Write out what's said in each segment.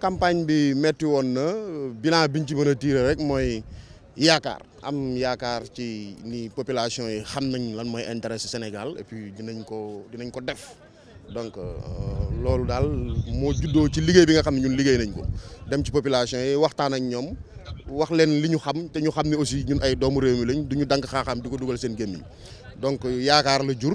campagne bi metti woon na bi ñu ci mën a tirer rek mooy yaakaar am yaakaar ci ni population yi xam nañ lan mooy intérêt si Sénégal et puis dinañ ko dinañ ko def donc euh, loolu daal moo juddoo ci liggéey bi nga xam ne ñun liggéey nañ ko dem ci population yi waxtaan ak ñoom wax leen li ñu xam te ñu xam ni aussi ñun ay doomu réew mi lañ du ñu dank xaaxaam di ko dugal seen gémmiñ donc yaakaar la jur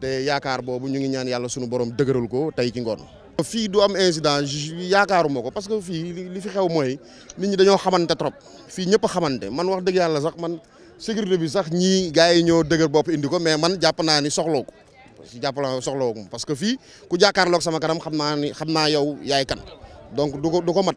te yaakaar boobu ñu ngi ñaan yàlla sunu borom dëgëral ko tey ci ngoon fii du am incident yaakaaruma ko parce que fii li fi xew mooy nit ñi dañoo xamante trop fii ñëpp a xamante man wax dëgg yàlla sax man sécurité bi sax ñii gars yi ñoo dëgër bopp indi ko mais man jàpp naa ni soxloo ko jàpp naa soxloo parce que fii ku jàkkaarloog sama kanam xam naa ni xam naa yow yaay kan donc du ko mat.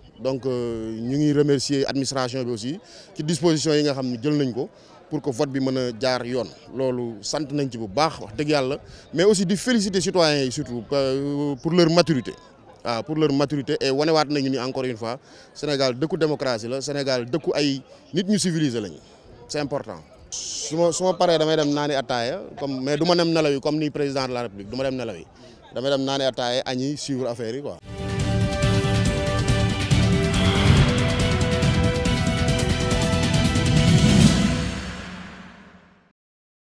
donc euh, ñu ngi remercier administration bi aussi ci disposition yi nga xam jël nañ ko pour que vote bi mën jaar yoon loolu sant nañ ci bu baax wax deug yalla mais aussi di féliciter citoyens yi surtout euh, pour leur maturité ah pour leur maturité et wanewaat nañu ni encore une fois Sénégal dëkku démocratie la Sénégal dëkku ay nit ñu civilisé lañ c'est important. suma suma paré damay dem nani ataya comme mais duma dem nelaw comme ni président de la république duma dem nelaw damay dem nani ataya agni suivre affaire yi quoi.